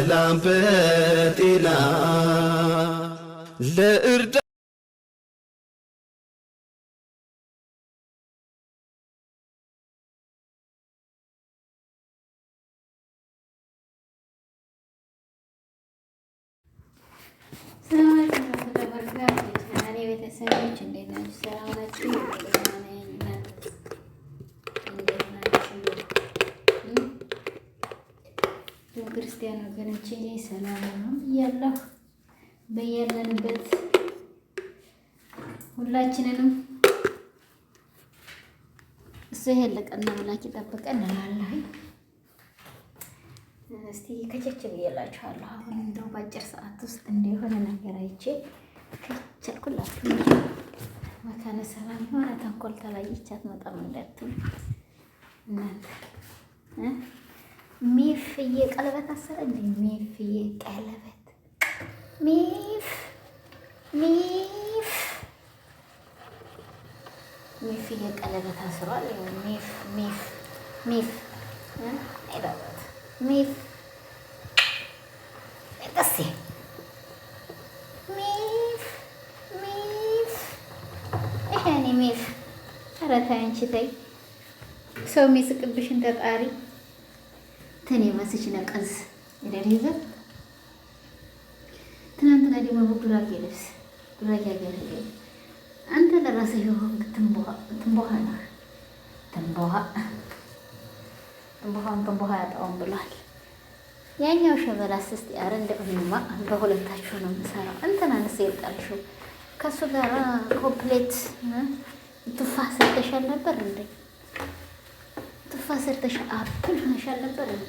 በሰላም በጤና ለእርዳ ቤተሰቦች እንዴት ናችሁ? ሰላም ናችሁ? ክርስቲያን ወገኖቼ ሰላም ነው ብያለሁ። በያለንበት ሁላችንንም እሱ የለቀና አምላክ ይጠብቀን እንላለሁ። እስቲ ከቸች ብዬላችኋለሁ። አሁን እንደው በአጭር ሰዓት ውስጥ እንደሆነ ነገር አይቼ ከቸልኩላችሁ መካነ ሰላም የሆነ ተንኮል ተላየቻት መጣም እንዳትሉ እናንተ ሜፍዬ ቀለበት አሰረ እንዴ? ሜፍዬ ቀለበት ሜፍ ሚፍ ሜፍዬ ቀለበት አስሯል። ሜፍ ሜፍ ሜፍ አይባባት ሜፍ ጠሴ ሜፍ ሜፍ ይሄኔ ሜፍ ኧረ ተይ አንቺ ተይ ሰው የሚስቅብሽን ተጣሪ ተኔ በስች ነቀዝ የደሪዘ ትናንትና ደግሞ ዱራጌ ልብስ ዱራጌ ያገለገል አንተ ለራስህ የሆንክ ትንቦሃ ነህ። ትንቦሃ ትንቦሃውን ትንቦሃ ያጣውን ብሏል። ያኛው ሸበላ ስስት ያረ እንደማ በሁለታችሁ ነው የምሰራው። እንትን አነስ የወጣልሽው ከእሱ ጋር ኮፕሌት ቱፋ ሰርተሻል ነበር እንዴ? ቱፋ ሰርተሻ አፕል ሆነሻል ነበር እንዴ?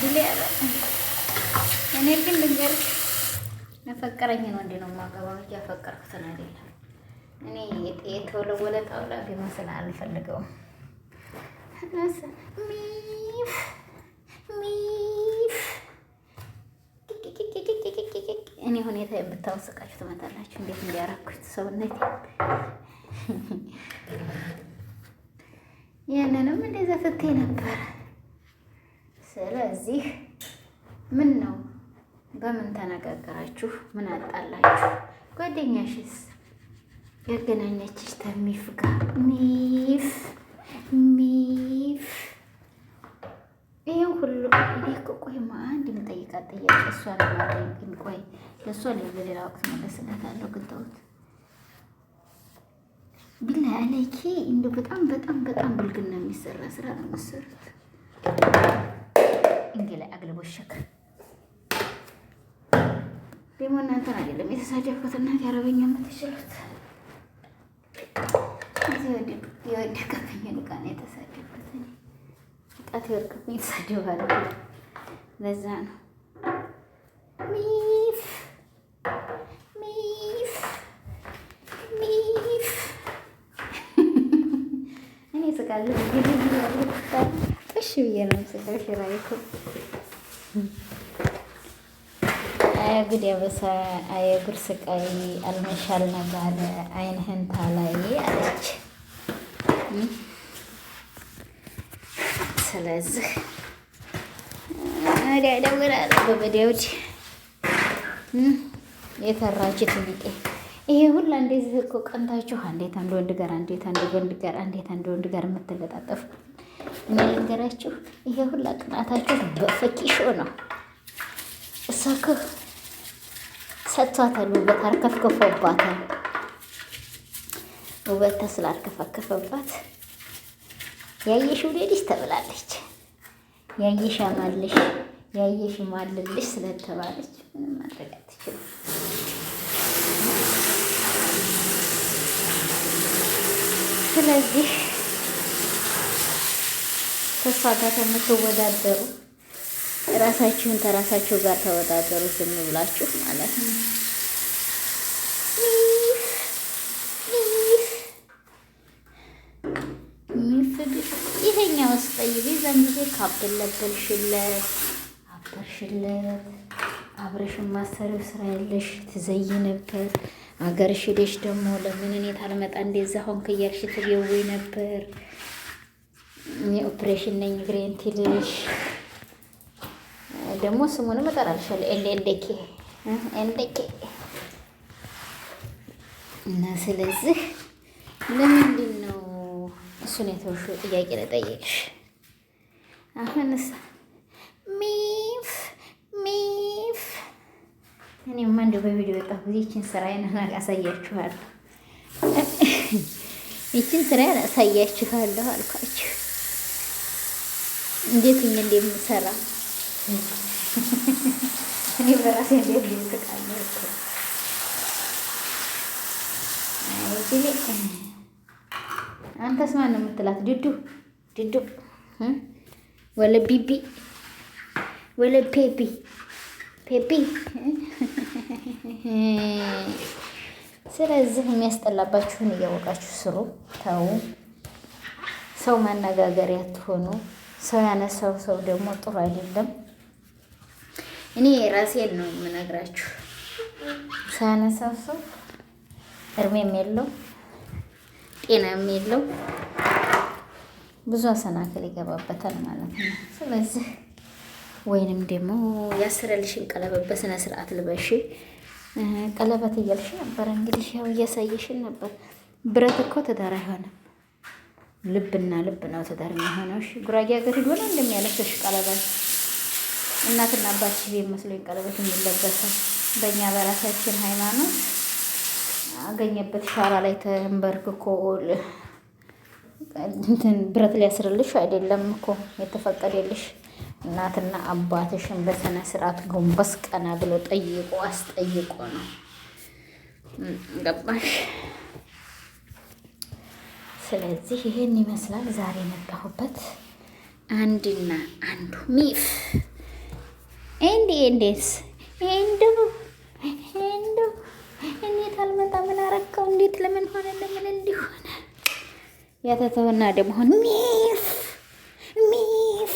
ዲሌር እኔ ግን ልንገርሽ ያፈቀረኝን ወንድ ነው የማገባው እንጂ ያፈቀርኩትን አይደለም። እኔ የተወለወለ ጣውላ ቢመስል አልፈልገውም። ሚፍ ሚፍ እኔ ሁኔታ የምታወስቃችሁ ትመጣላችሁ። እንዴት እንዲያረኩት ሰውነት ያንንም እንደዛ ፍቴ ነበረ ስለዚህ ምን ነው በምን ተነጋገራችሁ? ምን አጣላችሁ? ጓደኛሽስ ያገናኘችሽ ተሚፍ ጋር ሚፍ ሚፍ ይህን ሁሉ ይህ ቆይማ አንድ የምጠይቃት ጥያቄ እሷ ለማጠይቅን ቆይ ለእሷ ላይ በሌላ ወቅት መለስላታለሁ። ግን ተውት ብላ አለኪ እንደ በጣም በጣም በጣም ብልግና የሚሰራ ስራ ነው የምትሰሩት። ደግሞ እናንተን አይደለም የተሳደብኩት፣ እናት ያረበኛ የምትችሉት የወደቀብኝ ዕቃ ነው የተሳደብኩት። ጣት ለዛ ነው ሚፍ ሚፍ ሚፍ እኔ ስቃለሁ። እሺ ብዬ ነው ስቃሽ ራይኩ አያግድ ያበሳ አያጉር ስቃይ አልመሻል ነባለ አይንህን ታላይ አለች። ስለዚህ ወዲያ እደውላለሁ በበዲያዎች የተራችት ቢጤ ይሄ ሁላ እንደዚህ እኮ ቀንታችሁ እንዴት አንድ ወንድ ጋር እንዴት አንድ ወንድ ጋር እንዴት አንድ ወንድ ጋር የምትለጣጠፉ እኔ ልንገራችሁ፣ ይሄ ሁላ ቅናታችሁ በፈኪሾ ነው እሳከ ሰጥቷታል። ውበት አርከፍክፎባታል። ተስላ አርከፈከፈባት። ያየሽ ውሌድሽ ተብላለች። ያየሽ አማልሽ ያየሽ ማልልሽ ስለተባለች ምንም ማድረግ አትችልም። ስለዚህ ተስፋ ጋር ከምትወዳደሩ ራሳችሁን ተራሳችሁ ጋር ተወዳደሩ፣ ዝም ብላችሁ ማለት ነው። ይሄኛው ጊዜ አበርሽለት አብረሽን ማሰሪው ስራ ያለሽ ትዘይንበት አገርሽ ሄደሽ ደግሞ ለምን እኔ ታልመጣ እንደዛ ሆንክ እያልሽ ትቤዌ ነበር። ኦፕሬሽን ነኝ ደግሞ ስሙን እጠራልሻለሁ። ኤልኤልኬ ኤልኤልኬ እና ስለዚህ ለምንድን ነው እሱን የተውሽው? ጥያቄ ለጠየቅሽ አሁንስ ሚፍ ሚፍ እኔማ እንደው በቪዲዮ የወጣሁ ጊዜ ይችን ስራዬን አሳያችኋለሁ፣ ይችን ስራዬን አሳያችኋለሁ አልኳችሁ እንዴት እንደምሰራ እኔ በራሴ እንዴት ልትቃለሁ እኮ አንተስ ማን ነው የምትላት? ድዱ ድዱ ወለ ቢቢ ወለ ፔፒ ፔፒ። ስለዚህ የሚያስጠላባችሁን እያወቃችሁ ስሩ። ተው ሰው ማነጋገሪያ አትሆኑ። ሰው ያነሳው ሰው ደግሞ ጥሩ አይደለም። እኔ ራሴን ነው የምነግራችሁ። ሳያነሳሰው እድሜም የለው ጤናም የለው ብዙ አሰናክል ይገባበታል ማለት ነው። ስለዚህ ወይንም ደግሞ ያስረልሽን ቀለበት በስነ ስርዓት ልበሽ ቀለበት እያልሽ ነበር እንግዲህ ያው እያሳየሽን ነበር። ብረት እኮ ትዳር አይሆንም፣ ልብና ልብ ነው ትዳር የሚሆነው። ጉራጌ ሀገር ሂዶ ነው እንደሚያለብሰሽ ቀለበት እናትና አባት ቤት መስሎኝ ቀለበት የሚለበሰው በእኛ በራሳችን ሃይማኖት አገኘበት ሻራ ላይ ተንበርክኮ እንትን ብረት ሊያስርልሽ አይደለም እኮ የተፈቀደልሽ። እናትና አባትሽን በስነ ስርዓት ጎንበስ ቀና ብሎ ጠይቆ አስጠይቆ ነው ገባሽ? ስለዚህ ይሄን ይመስላል ዛሬ የመጣሁበት አንድና አንዱ ሚፍ እንዲ እንዴስ እንዱ እንዱ እንዴት አልመጣ ምን አረከው እንዴት ለምን ሆነ ለምን እንዲሆነ ያተተውና ደግሞ ሚፍ ሚፍ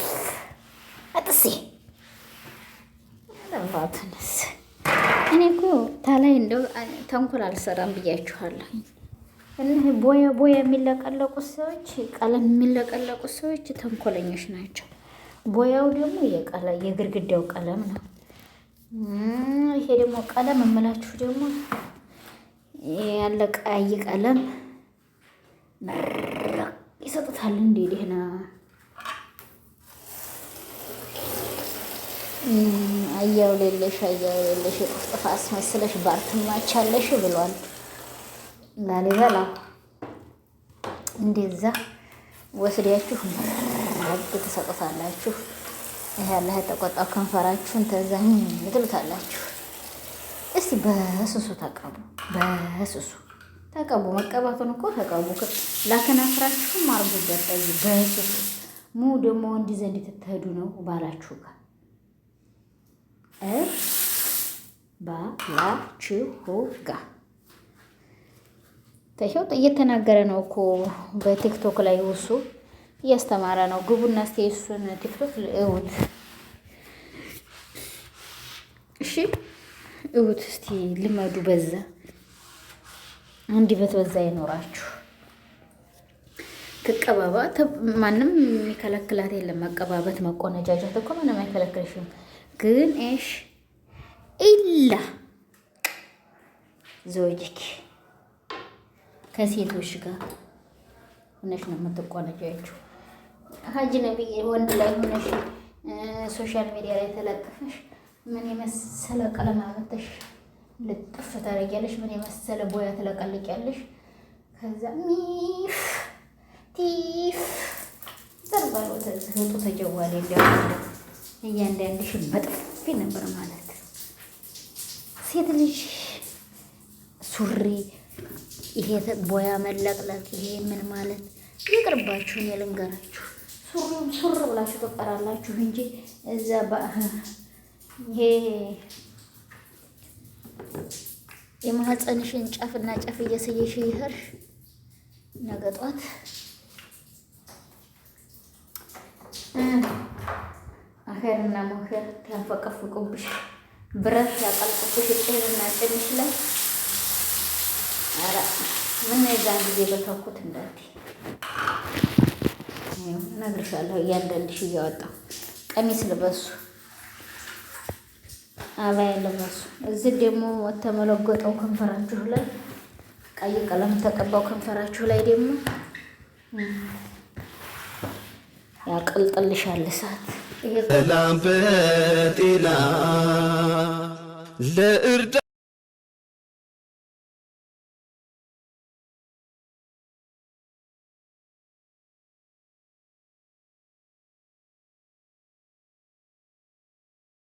አጥሴ ያለባትንስ እኔ እኮ ታላይ እንደው ተንኮል አልሰራም ብያችኋለሁ። እነህ ቦያ ቦያ የሚለቀለቁት ሰዎች ቀለም የሚለቀለቁት ሰዎች ተንኮለኞች ናቸው። ቦያው ደግሞ የቀለ የግድግዳው ቀለም ነው። ይሄ ደግሞ ቀለም እምላችሁ ደግሞ ያለ ቀይ ቀለም ይሰጡታል። እንዴ ደህና አያው ሌለሽ አያው ሌለሽ የቁፍጥፋ አስመስለሽ ባርትማቻለሽ ብሏል ላሊበላ። እንደዛ ወስዳያችሁ ህግ ትሰጡታላችሁ። ይሄ አላህ የተቆጣው ከንፈራችሁን ተዛኝ ትሉታላችሁ። እስቲ በስሱ ተቀቡ፣ በስሱ ተቀቡ። መቀባቱን እኮ ተቀቡ፣ ላከናፍራችሁም አርጉበት። ጠይ በስሱ ሙ ደግሞ ወንድ ዘንድ ትትሄዱ ነው ባላችሁ ጋር ባላችሁ ጋር እየተናገረ ነው እኮ በቲክቶክ ላይ ውሱ እያስተማረ ነው። ግቡና እስኪ እሱን ቲክቶክ እውት እሺ፣ እውት እስቲ ልመዱ። በዛ አንዲበት በዛ ይኖራችሁ። ትቀባባ ማንም የሚከለክላት የለም። መቀባበት መቆነጃጀት እኮ ምንም አይከለክልሽም። ግን እሽ ኢላ ዘወጅክ ከሴቶች ጋር እነሽ ነው የምትቆነጃችሁ። ሀጅ ነብይ ወንድ ላይ ሆነሽ ሶሻል ሚዲያ ላይ ተለጥፈሽ ምን የመሰለ ቀለም አበተሽ ልጥፍ ታደርጊያለሽ። ምን የመሰለ ቦያ ትለቀልቂያለሽ። ከዛ ሚፍ ቲፍ ዘርባሎ ተዝህጡ ተጀዋል እንዲያ እያንዳንድሽ በጥፊ ነበር ማለት ሴት ልጅ ሱሪ ይሄ ቦያ መለቅለቅ ይሄ ምን ማለት ይቅርባችሁን የልንገራችሁ ሱሪውን ሱር ብላችሁ ተቀራላችሁ እንጂ እዛ ይሄ የማህፀንሽን ጫፍና ጫፍ እየሰየሽ ይኸርሽ ነገ ጧት አኸርና መኸር ያፈቀፍቁብሽ፣ ብረት ያቀልቁብሽ ጭንና ጭንሽ ላይ ኧረ ምን የዛን ጊዜ በተኩት እንዳትዪ ነው። እነግርሻለሁ እያንዳንድሽ እያወጣሁ ቀሚስ ልበሱ፣ አባያ ልበሱ። እዚህ ደግሞ ተመለጎጠው ከንፈራችሁ ላይ ቀይ ቀለም ተቀባው ከንፈራችሁ ላይ ደግሞ ያቀልጥልሻል እሳት። ሰላም በጤና ለእርዳ